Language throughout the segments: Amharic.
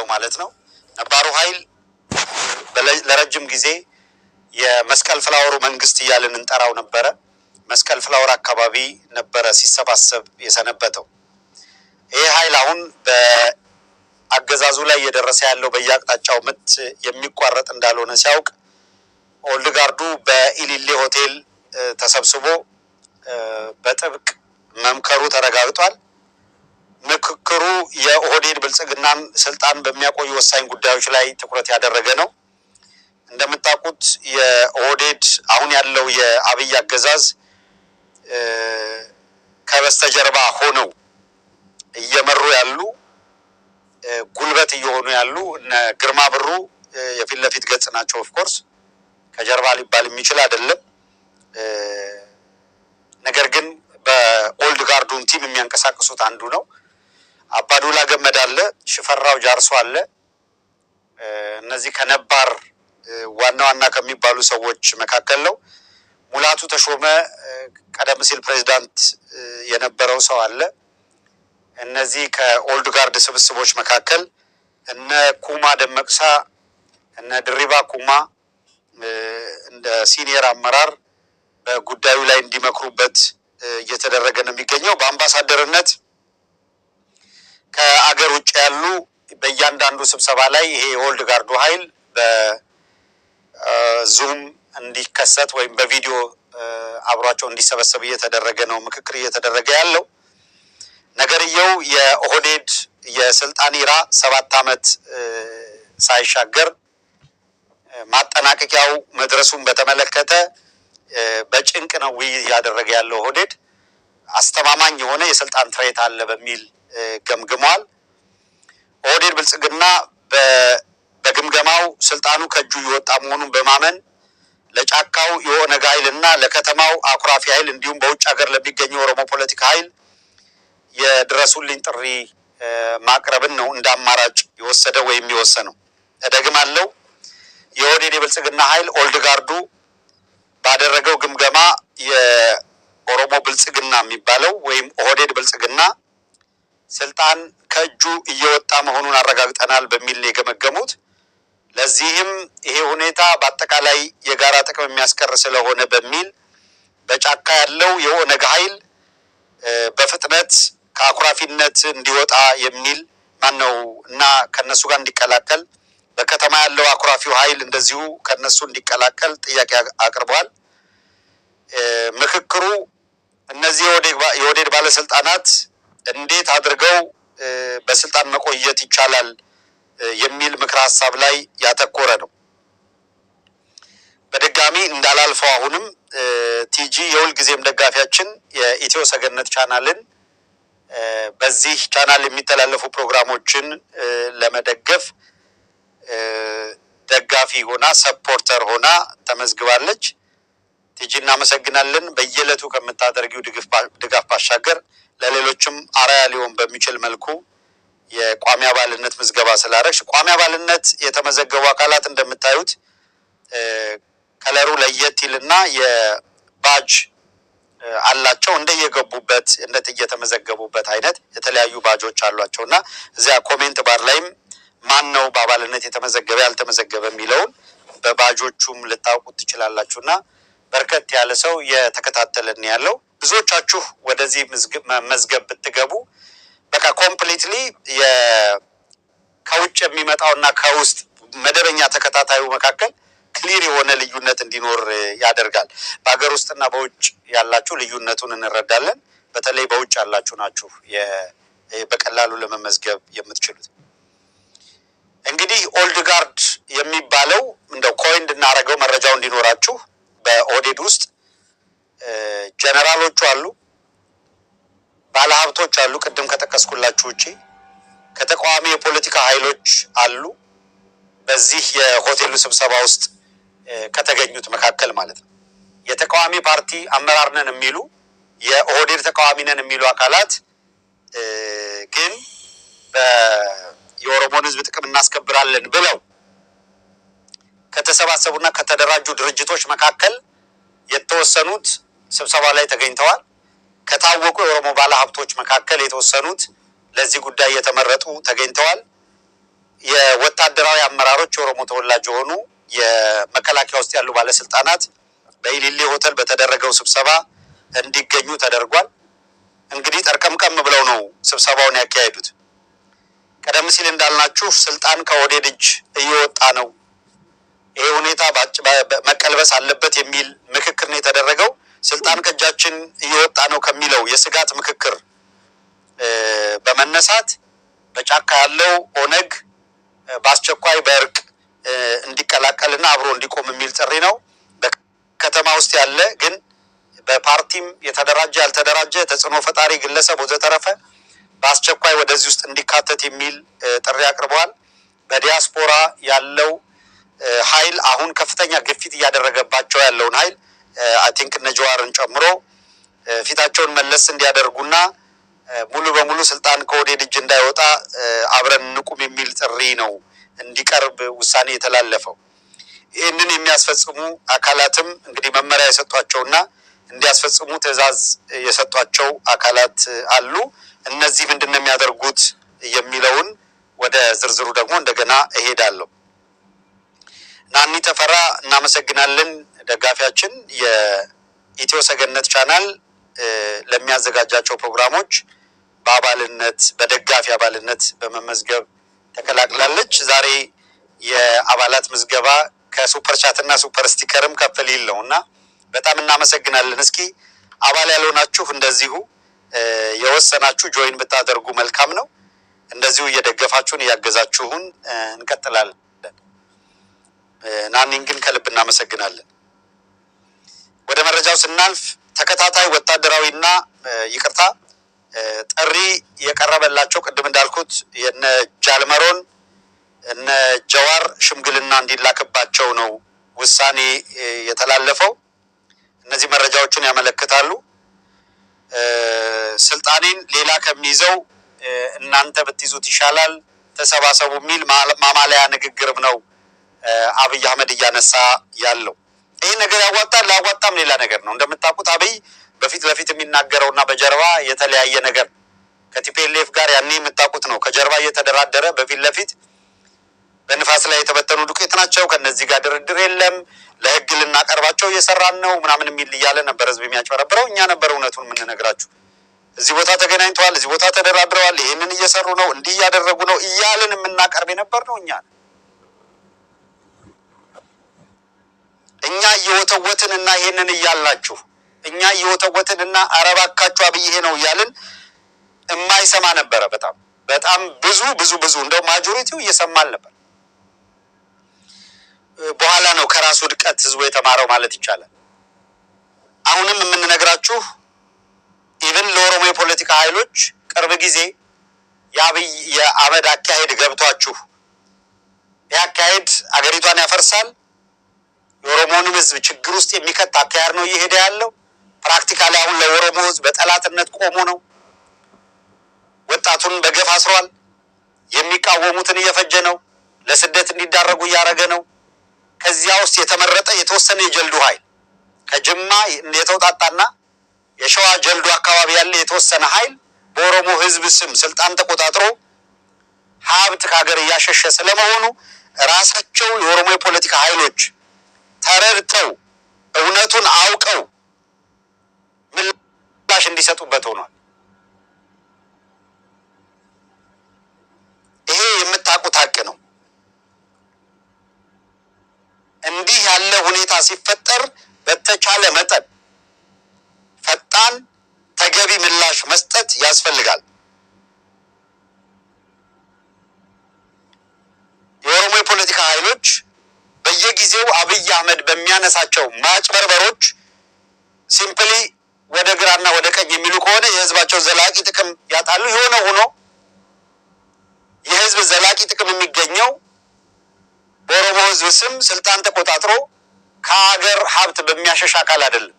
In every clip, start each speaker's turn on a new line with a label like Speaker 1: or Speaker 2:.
Speaker 1: የሚባለው ማለት ነው። ነባሩ ኃይል ለረጅም ጊዜ የመስቀል ፍላወሩ መንግስት እያልን እንጠራው ነበረ። መስቀል ፍላወር አካባቢ ነበረ ሲሰባሰብ የሰነበተው። ይህ ኃይል አሁን በአገዛዙ ላይ እየደረሰ ያለው በየአቅጣጫው ምት የሚቋረጥ እንዳልሆነ ሲያውቅ ኦልድ ጋርዱ በኢሊሌ ሆቴል ተሰብስቦ በጥብቅ መምከሩ ተረጋግጧል። ምክክሩ የኦህዴድ ብልጽግናን ስልጣን በሚያቆዩ ወሳኝ ጉዳዮች ላይ ትኩረት ያደረገ ነው። እንደምታውቁት የኦህዴድ አሁን ያለው የአብይ አገዛዝ ከበስተጀርባ ሆነው እየመሩ ያሉ ጉልበት እየሆኑ ያሉ እነ ግርማ ብሩ የፊት ለፊት ገጽ ናቸው። ኦፍኮርስ ከጀርባ ሊባል የሚችል አይደለም። ነገር ግን በኦልድ ጋርዱን ቲም የሚያንቀሳቅሱት አንዱ ነው። አባዱላ ገመድ አለ፣ ሽፈራው ጃርሶ አለ። እነዚህ ከነባር ዋና ዋና ከሚባሉ ሰዎች መካከል ነው። ሙላቱ ተሾመ ቀደም ሲል ፕሬዚዳንት የነበረው ሰው አለ። እነዚህ ከኦልድ ጋርድ ስብስቦች መካከል እነ ኩማ ደመቅሳ፣ እነ ድሪባ ኩማ እንደ ሲኒየር አመራር በጉዳዩ ላይ እንዲመክሩበት እየተደረገ ነው የሚገኘው በአምባሳደርነት ከአገር ውጭ ያሉ በእያንዳንዱ ስብሰባ ላይ ይሄ የኦልድ ጋርዱ ኃይል በዙም እንዲከሰት ወይም በቪዲዮ አብሯቸው እንዲሰበሰብ እየተደረገ ነው ምክክር እየተደረገ ያለው። ነገርየው የኦህዴድ የስልጣን ኢራ ሰባት አመት ሳይሻገር ማጠናቀቂያው መድረሱን በተመለከተ በጭንቅ ነው ውይይት እያደረገ ያለው ኦህዴድ አስተማማኝ የሆነ የስልጣን ትሬት አለ በሚል ገምግሟል። ኦህዴድ ብልጽግና በግምገማው ስልጣኑ ከእጁ የወጣ መሆኑን በማመን ለጫካው የኦነግ ኃይል እና ለከተማው አኩራፊ ኃይል እንዲሁም በውጭ ሀገር ለሚገኘ የኦሮሞ ፖለቲካ ኃይል የድረሱልኝ ጥሪ ማቅረብን ነው እንደ አማራጭ የወሰደ ወይም የወሰነው። እደግማለሁ፣ የኦህዴድ የብልጽግና ኃይል ኦልድ ጋርዱ ባደረገው ግምገማ የኦሮሞ ብልጽግና የሚባለው ወይም ኦህዴድ ብልጽግና ስልጣን ከእጁ እየወጣ መሆኑን አረጋግጠናል በሚል የገመገሙት። ለዚህም ይሄ ሁኔታ በአጠቃላይ የጋራ ጥቅም የሚያስቀር ስለሆነ በሚል በጫካ ያለው የኦነግ ኃይል በፍጥነት ከአኩራፊነት እንዲወጣ የሚል ማን ነው እና ከነሱ ጋር እንዲቀላቀል በከተማ ያለው አኩራፊው ኃይል እንደዚሁ ከነሱ እንዲቀላቀል ጥያቄ አቅርበዋል። ምክክሩ እነዚህ የወዴድ ባለስልጣናት እንዴት አድርገው በስልጣን መቆየት ይቻላል የሚል ምክረ ሀሳብ ላይ ያተኮረ ነው። በድጋሚ እንዳላልፈው አሁንም ቲጂ የሁልጊዜም ደጋፊያችን የኢትዮ ሰገነት ቻናልን በዚህ ቻናል የሚተላለፉ ፕሮግራሞችን ለመደገፍ ደጋፊ ሆና ሰፖርተር ሆና ተመዝግባለች። ቲጂ እናመሰግናለን። በየዕለቱ ከምታደርጊው ድጋፍ ባሻገር ለሌሎችም አራያ ሊሆን በሚችል መልኩ የቋሚ አባልነት ምዝገባ ስላረግሽ ቋሚ አባልነት የተመዘገቡ አካላት እንደምታዩት ከለሩ ለየት ይልና የባጅ አላቸው እንደየገቡበት እየተመዘገቡበት አይነት የተለያዩ ባጆች አሏቸው እና እዚያ ኮሜንት ባር ላይም ማን ነው በአባልነት የተመዘገበ ያልተመዘገበ የሚለውን በባጆቹም ልታውቁት ትችላላችሁ እና በርከት ያለ ሰው እየተከታተለን ያለው። ብዙዎቻችሁ ወደዚህ መዝገብ ብትገቡ በቃ ኮምፕሊትሊ ከውጭ የሚመጣው እና ከውስጥ መደበኛ ተከታታዩ መካከል ክሊር የሆነ ልዩነት እንዲኖር ያደርጋል። በሀገር ውስጥና በውጭ ያላችሁ ልዩነቱን እንረዳለን። በተለይ በውጭ ያላችሁ ናችሁ በቀላሉ ለመመዝገብ የምትችሉት። እንግዲህ ኦልድ ጋርድ የሚባለው እንደው ኮይን እንድናረገው መረጃው እንዲኖራችሁ መደድ ውስጥ ጀነራሎቹ አሉ፣ ባለሀብቶች አሉ፣ ቅድም ከጠቀስኩላችሁ ውጪ ከተቃዋሚ የፖለቲካ ኃይሎች አሉ። በዚህ የሆቴሉ ስብሰባ ውስጥ ከተገኙት መካከል ማለት ነው የተቃዋሚ ፓርቲ አመራር ነን የሚሉ የኦህዴድ ተቃዋሚ ነን የሚሉ አካላት ግን የኦሮሞን ህዝብ ጥቅም እናስከብራለን ብለው ከተሰባሰቡና ከተደራጁ ድርጅቶች መካከል የተወሰኑት ስብሰባ ላይ ተገኝተዋል። ከታወቁ የኦሮሞ ባለሀብቶች መካከል የተወሰኑት ለዚህ ጉዳይ የተመረጡ ተገኝተዋል። የወታደራዊ አመራሮች የኦሮሞ ተወላጅ የሆኑ የመከላከያ ውስጥ ያሉ ባለስልጣናት በኢሊሌ ሆቴል በተደረገው ስብሰባ እንዲገኙ ተደርጓል። እንግዲህ ጠርቀምቀም ብለው ነው ስብሰባውን ያካሄዱት። ቀደም ሲል እንዳልናችሁ ስልጣን ከኦህዴድ እጅ እየወጣ ነው ይሄ ሁኔታ መቀልበስ አለበት የሚል ምክክር ነው የተደረገው። ስልጣን ከእጃችን እየወጣ ነው ከሚለው የስጋት ምክክር በመነሳት በጫካ ያለው ኦነግ በአስቸኳይ በእርቅ እንዲቀላቀልና አብሮ እንዲቆም የሚል ጥሪ ነው። በከተማ ውስጥ ያለ ግን በፓርቲም የተደራጀ ያልተደራጀ፣ ተጽዕኖ ፈጣሪ ግለሰብ ወዘተረፈ በአስቸኳይ ወደዚህ ውስጥ እንዲካተት የሚል ጥሪ አቅርበዋል። በዲያስፖራ ያለው ኃይል አሁን ከፍተኛ ግፊት እያደረገባቸው ያለውን ኃይል አይ ቲንክ እነ ጀዋርን ጨምሮ ፊታቸውን መለስ እንዲያደርጉና ሙሉ በሙሉ ስልጣን ከወዴድ እጅ እንዳይወጣ አብረን ንቁም የሚል ጥሪ ነው እንዲቀርብ ውሳኔ የተላለፈው። ይህንን የሚያስፈጽሙ አካላትም እንግዲህ መመሪያ የሰጧቸውና እንዲያስፈጽሙ ትዕዛዝ የሰጧቸው አካላት አሉ። እነዚህ ምንድን ነው የሚያደርጉት የሚለውን ወደ ዝርዝሩ ደግሞ እንደገና እሄዳለሁ። ናኒ ተፈራ እናመሰግናለን። ደጋፊያችን የኢትዮ ሰገነት ቻናል ለሚያዘጋጃቸው ፕሮግራሞች በአባልነት በደጋፊ አባልነት በመመዝገብ ተቀላቅላለች። ዛሬ የአባላት ምዝገባ ከሱፐር ቻት እና ሱፐር ስቲከርም ከፍ ሊል ነው እና በጣም እናመሰግናለን። እስኪ አባል ያልሆናችሁ እንደዚሁ የወሰናችሁ ጆይን ብታደርጉ መልካም ነው። እንደዚሁ እየደገፋችሁን እያገዛችሁን እንቀጥላለን። ናኒን ግን ከልብ እናመሰግናለን። ወደ መረጃው ስናልፍ ተከታታይ ወታደራዊና ይቅርታ ጥሪ የቀረበላቸው ቅድም እንዳልኩት የነ ጃልመሮን እነ ጀዋር ሽምግልና እንዲላክባቸው ነው ውሳኔ የተላለፈው። እነዚህ መረጃዎችን ያመለክታሉ። ስልጣኔን ሌላ ከሚይዘው እናንተ ብትይዙት ይሻላል ተሰባሰቡ የሚል ማማለያ ንግግርም ነው አብይ አህመድ እያነሳ ያለው ይህ ነገር ያዋጣል ላያዋጣም ሌላ ነገር ነው። እንደምታውቁት አብይ በፊት ለፊት የሚናገረው እና በጀርባ የተለያየ ነገር ከቲፒኤልኤፍ ጋር ያኔ የምታውቁት ነው። ከጀርባ እየተደራደረ በፊት ለፊት በንፋስ ላይ የተበተኑ ዱቄት ናቸው፣ ከነዚህ ጋር ድርድር የለም፣ ለህግ ልናቀርባቸው እየሰራን ነው ምናምን የሚል እያለ ነበር ህዝብ የሚያጭበረብረው። እኛ ነበር እውነቱን የምንነግራችሁ። እዚህ ቦታ ተገናኝተዋል፣ እዚህ ቦታ ተደራድረዋል፣ ይህንን እየሰሩ ነው፣ እንዲህ እያደረጉ ነው እያልን የምናቀርብ የነበር ነው እኛ እኛ እየወተወትን እና ይሄንን እያላችሁ እኛ እየወተወትን እና አረባካችሁ አብይ ይሄ ነው እያልን የማይሰማ ነበረ። በጣም በጣም ብዙ ብዙ ብዙ እንደው ማጆሪቲው እየሰማል ነበር። በኋላ ነው ከራሱ ውድቀት ህዝቡ የተማረው ማለት ይቻላል። አሁንም የምንነግራችሁ ኢቨን ለኦሮሞ የፖለቲካ ኃይሎች ቅርብ ጊዜ የአብይ የአመድ አካሄድ ገብቷችሁ ይህ አካሄድ አገሪቷን ያፈርሳል የኦሮሞንም ህዝብ ችግር ውስጥ የሚከት አካሄድ ነው እየሄደ ያለው። ፕራክቲካሊ አሁን ለኦሮሞ ህዝብ በጠላትነት ቆሞ ነው። ወጣቱን በገፍ አስሯል። የሚቃወሙትን እየፈጀ ነው። ለስደት እንዲዳረጉ እያደረገ ነው። ከዚያ ውስጥ የተመረጠ የተወሰነ የጀልዱ ኃይል ከጅማ የተውጣጣና የሸዋ ጀልዱ አካባቢ ያለ የተወሰነ ኃይል በኦሮሞ ህዝብ ስም ስልጣን ተቆጣጥሮ ሀብት ከሀገር እያሸሸ ስለመሆኑ ራሳቸው የኦሮሞ የፖለቲካ ኃይሎች ተረድተው እውነቱን አውቀው ምላሽ እንዲሰጡበት ሆኗል። ይሄ የምታውቁት ሀቅ ነው። እንዲህ ያለ ሁኔታ ሲፈጠር በተቻለ መጠን ፈጣን ተገቢ ምላሽ መስጠት ያስፈልጋል። በየጊዜው አብይ አህመድ በሚያነሳቸው ማጭበርበሮች ሲምፕሊ ወደ ግራና ወደ ቀኝ የሚሉ ከሆነ የህዝባቸው ዘላቂ ጥቅም ያጣሉ። የሆነ ሆኖ የህዝብ ዘላቂ ጥቅም የሚገኘው በኦሮሞ ህዝብ ስም ስልጣን ተቆጣጥሮ ከሀገር ሀብት በሚያሸሽ አካል አይደለም።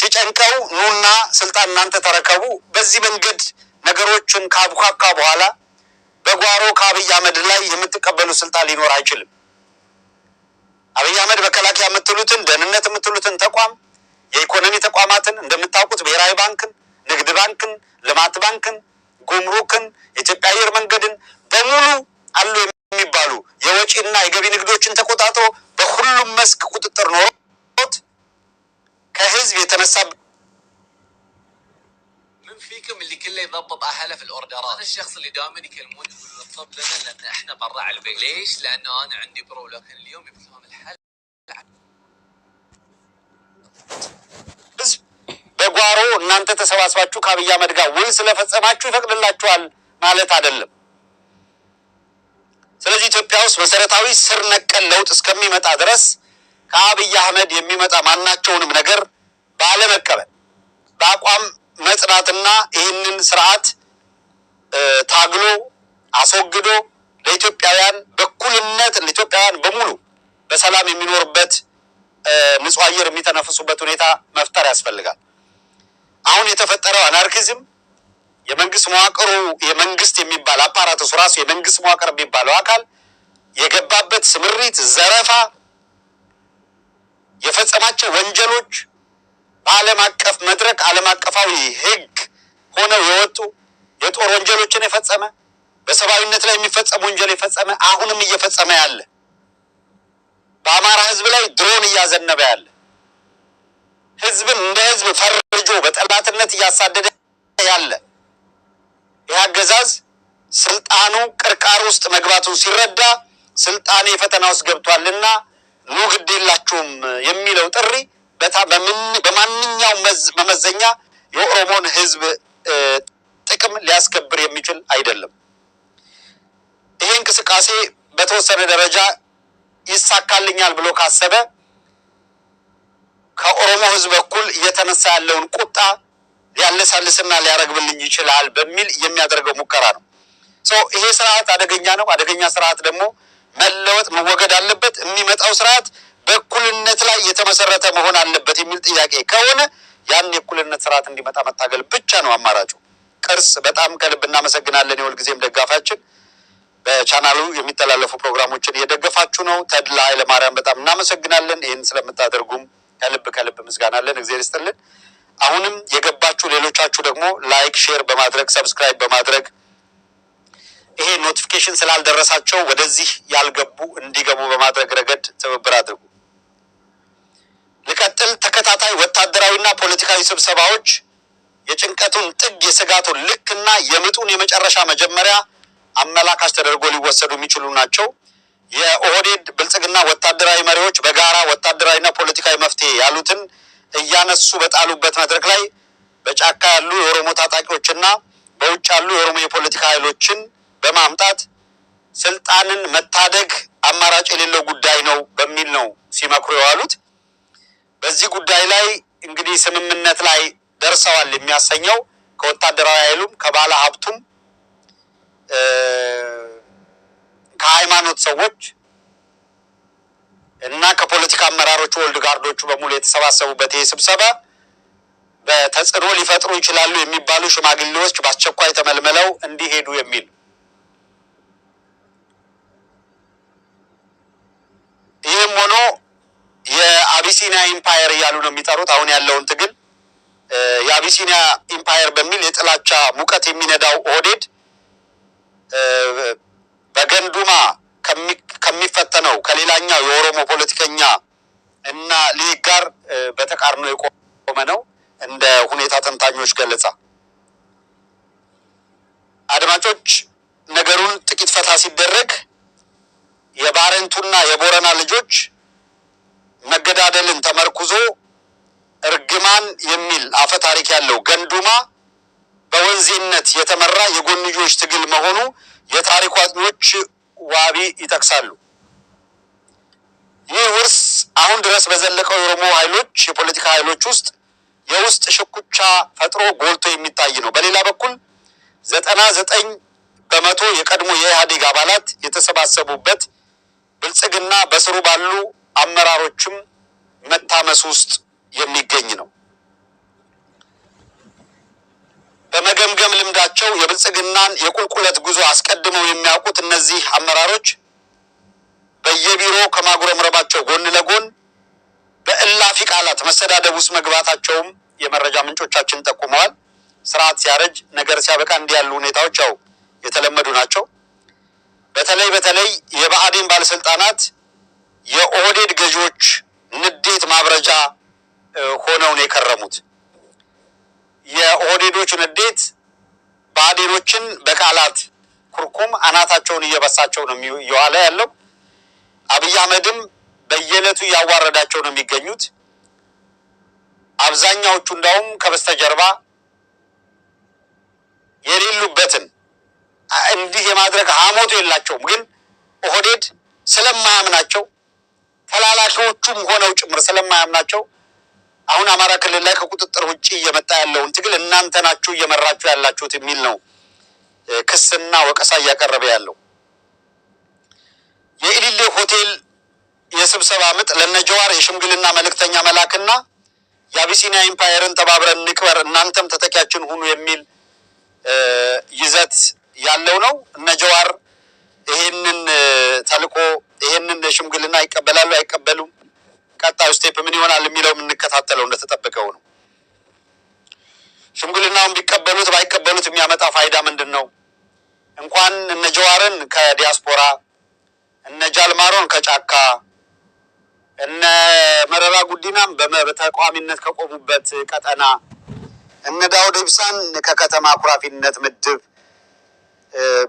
Speaker 1: ሲጨንቀው ኑና ስልጣን እናንተ ተረከቡ። በዚህ መንገድ ነገሮችን ካቡካካ በኋላ በጓሮ ከአብይ አህመድ ላይ የምትቀበሉ ስልጣን ሊኖር አይችልም። أبي أحمد بكلاك يا متلوتن دنيا متلوتن تقام يكونني تقاماتن عندما تأكل بيراي بنكن نقد بنكن لمات بنكن غمروكن يتكاير من قدن بمولو علو مبالو يوجه إن أيقابي نقدوشن تقطعتو بخل مسك قط ترنوت كهز بيتنسب
Speaker 2: فيكم اللي كله يضبط اهله في الاوردرات انا الشخص اللي دائما يكلموني يقولون لنا لان احنا برا على البيت ليش؟ لانه انا عندي برو لكن اليوم يبتلون
Speaker 1: በጓሮ እናንተ ተሰባስባችሁ ከአብይ አህመድ ጋር ውል ስለፈጸማችሁ ይፈቅድላችኋል ማለት አይደለም። ስለዚህ ኢትዮጵያ ውስጥ መሰረታዊ ስር ነቀል ለውጥ እስከሚመጣ ድረስ ከአብይ አህመድ የሚመጣ ማናቸውንም ነገር ባለመቀበል በአቋም መጽናትና ይህንን ስርዓት ታግሎ አስወግዶ ለኢትዮጵያውያን በኩልነት ኢትዮጵያውያን በሙሉ በሰላም የሚኖርበት ንጹህ አየር የሚተነፍሱበት ሁኔታ መፍጠር ያስፈልጋል። አሁን የተፈጠረው አናርኪዝም የመንግስት መዋቅሩ የመንግስት የሚባል አፓራቶስ ራሱ የመንግስት መዋቅር የሚባለው አካል የገባበት ስምሪት፣ ዘረፋ፣ የፈጸማቸው ወንጀሎች በዓለም አቀፍ መድረክ ዓለም አቀፋዊ ሕግ ሆነው የወጡ የጦር ወንጀሎችን የፈጸመ በሰብአዊነት ላይ የሚፈጸም ወንጀል የፈጸመ አሁንም እየፈጸመ ያለ በአማራ ሕዝብ ላይ ድሮን እያዘነበ ያለ ህዝብን እንደ ህዝብ ፈርጆ በጠላትነት እያሳደደ ያለ ይህ አገዛዝ ስልጣኑ ቅርቃር ውስጥ መግባቱን ሲረዳ ስልጣኔ የፈተና ውስጥ ገብቷልና ኑ ግድ የላችሁም የሚለው ጥሪ በማንኛውም መመዘኛ የኦሮሞን ህዝብ ጥቅም ሊያስከብር የሚችል አይደለም። ይሄ እንቅስቃሴ በተወሰነ ደረጃ ይሳካልኛል ብሎ ካሰበ ከኦሮሞ ህዝብ በኩል እየተነሳ ያለውን ቁጣ ሊያለሳልስና ሊያረግብልኝ ይችላል በሚል የሚያደርገው ሙከራ ነው። ይሄ ስርዓት አደገኛ ነው። አደገኛ ስርዓት ደግሞ መለወጥ መወገድ አለበት። የሚመጣው ስርዓት በእኩልነት ላይ የተመሰረተ መሆን አለበት የሚል ጥያቄ ከሆነ ያን የእኩልነት ስርዓት እንዲመጣ መታገል ብቻ ነው አማራጩ። ቅርስ በጣም ከልብ እናመሰግናለን። የሁል ጊዜም ደጋፋችን በቻናሉ የሚተላለፉ ፕሮግራሞችን እየደገፋችሁ ነው። ተድላ ኃይለማርያም በጣም እናመሰግናለን። ይህን ስለምታደርጉም ከልብ ከልብ ምስጋና አለን። እግዚአብሔር ይስጥልን። አሁንም የገባችሁ ሌሎቻችሁ ደግሞ ላይክ፣ ሼር በማድረግ ሰብስክራይብ በማድረግ ይሄ ኖቲፊኬሽን ስላልደረሳቸው ወደዚህ ያልገቡ እንዲገቡ በማድረግ ረገድ ትብብር አድርጉ። ልቀጥል። ተከታታይ ወታደራዊና ፖለቲካዊ ስብሰባዎች የጭንቀቱን ጥግ፣ የስጋቱን ልክና የምጡን የመጨረሻ መጀመሪያ አመላካች ተደርጎ ሊወሰዱ የሚችሉ ናቸው። የኦህዴድ ብልጽግና ወታደራዊ መሪዎች በጋራ ወታደራዊና ፖለቲካዊ መፍትሄ ያሉትን እያነሱ በጣሉበት መድረክ ላይ በጫካ ያሉ የኦሮሞ ታጣቂዎችና በውጭ ያሉ የኦሮሞ የፖለቲካ ኃይሎችን በማምጣት ስልጣንን መታደግ አማራጭ የሌለው ጉዳይ ነው በሚል ነው ሲመክሩ የዋሉት። በዚህ ጉዳይ ላይ እንግዲህ ስምምነት ላይ ደርሰዋል የሚያሰኘው ከወታደራዊ ኃይሉም ከባለ ሀብቱም ከሃይማኖት ሰዎች እና ከፖለቲካ አመራሮቹ ወልድ ጋርዶቹ በሙሉ የተሰባሰቡበት ይህ ስብሰባ በተጽዕኖ ሊፈጥሩ ይችላሉ የሚባሉ ሽማግሌዎች በአስቸኳይ ተመልምለው እንዲሄዱ የሚል ይህም ሆኖ የአቢሲኒያ ኢምፓየር እያሉ ነው የሚጠሩት አሁን ያለውን ትግል። የአቢሲኒያ ኢምፓየር በሚል የጥላቻ ሙቀት የሚነዳው ኦህዴድ በገንዱማ ከሚፈተነው ከሌላኛው የኦሮሞ ፖለቲከኛ እና ሊግ ጋር በተቃርኖ የቆመ ነው እንደ ሁኔታ ተንታኞች ገለጻ። አድማጮች ነገሩን ጥቂት ፈታ ሲደረግ የባረንቱና የቦረና ልጆች መገዳደልን ተመርኩዞ እርግማን የሚል አፈ ታሪክ ያለው ገንዱማ በወንዜነት የተመራ የጎንዮሽ ትግል መሆኑ የታሪኩ አጥኚዎች ዋቢ ይጠቅሳሉ። ይህ ውርስ አሁን ድረስ በዘለቀው የኦሮሞ ኃይሎች የፖለቲካ ኃይሎች ውስጥ የውስጥ ሽኩቻ ፈጥሮ ጎልቶ የሚታይ ነው። በሌላ በኩል ዘጠና ዘጠኝ በመቶ የቀድሞ የኢህአዴግ አባላት የተሰባሰቡበት ብልጽግና በስሩ ባሉ አመራሮችም መታመስ ውስጥ የሚገኝ ነው። በመገምገም ልምዳቸው የብልጽግናን የቁልቁለት ጉዞ አስቀድመው የሚያውቁት እነዚህ አመራሮች በየቢሮ ከማጉረምረባቸው ጎን ለጎን በእላፊ ቃላት መሰዳደብ ውስጥ መግባታቸውም የመረጃ ምንጮቻችን ጠቁመዋል። ስርዓት ሲያረጅ ነገር ሲያበቃ እንዲህ ያሉ ሁኔታዎች ያው የተለመዱ ናቸው። በተለይ በተለይ የብአዴን ባለስልጣናት የኦህዴድ ገዢዎች ንዴት ማብረጃ ሆነው ነው የከረሙት። የኦህዴዶች ንዴት ብአዴኖችን በቃላት ኩርኩም አናታቸውን እየበሳቸው ነው እየዋለ ያለው። አብይ አህመድም በየዕለቱ እያዋረዳቸው ነው የሚገኙት። አብዛኛዎቹ እንዳውም ከበስተጀርባ የሌሉበትን እንዲህ የማድረግ ሀሞቱ የላቸውም። ግን ኦህዴድ ስለማያምናቸው ተላላኪዎቹም ሆነው ጭምር ስለማያምናቸው አሁን አማራ ክልል ላይ ከቁጥጥር ውጭ እየመጣ ያለውን ትግል እናንተ ናችሁ እየመራችሁ ያላችሁት የሚል ነው ክስና ወቀሳ እያቀረበ ያለው። የኢሊሌ ሆቴል የስብሰባ ምጥ ለነ ጀዋር የሽምግልና መልእክተኛ መላክና የአቢሲኒያ ኢምፓየርን ተባብረን ንክበር እናንተም ተተኪያችን ሁኑ የሚል ይዘት ያለው ነው። እነ ጀዋር ይሄንን ተልቆ ይሄንን ሽምግልና ይቀበላሉ አይቀበሉም? ቀጣዩ ስቴፕ ምን ይሆናል የሚለው የምንከታተለው እንደተጠበቀው ነው። ሽምግልናውን ቢቀበሉት ባይቀበሉት የሚያመጣ ፋይዳ ምንድን ነው? እንኳን እነ ጀዋርን ከዲያስፖራ እነ ጃልማሮን ከጫካ እነ መረራ ጉዲናም በተቃዋሚነት ከቆሙበት ቀጠና እነ ዳውድ ኢብሳን ከከተማ ኩራፊነት ምድብ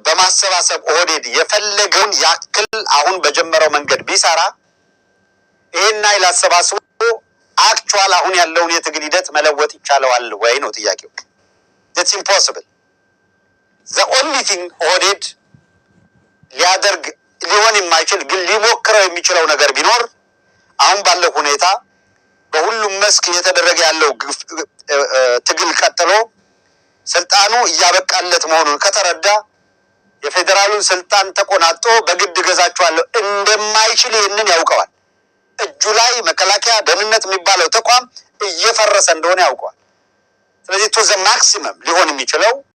Speaker 1: በማሰባሰብ ኦህዴድ የፈለገውን ያክል አሁን በጀመረው መንገድ ቢሰራ ይህን ኃይል አሰባስቦ አክቹዋል አሁን ያለውን የትግል ሂደት መለወጥ ይቻለዋል ወይ ነው ጥያቄው። ኢትስ ኢምፖስብል ዘ ኦንሊ ቲንግ ኦህዴድ ሊያደርግ ሊሆን የማይችል ግን ሊሞክረው የሚችለው ነገር ቢኖር አሁን ባለው ሁኔታ በሁሉም መስክ እየተደረገ ያለው ትግል ቀጥሎ ስልጣኑ እያበቃለት መሆኑን ከተረዳ የፌዴራሉን ስልጣን ተቆናጦ በግድ ገዛቸዋለሁ እንደማይችል ይህንን ያውቀዋል። እጁ ላይ መከላከያ ደህንነት የሚባለው ተቋም እየፈረሰ እንደሆነ ያውቀዋል። ስለዚህ ቱ ዘ ማክሲመም ሊሆን የሚችለው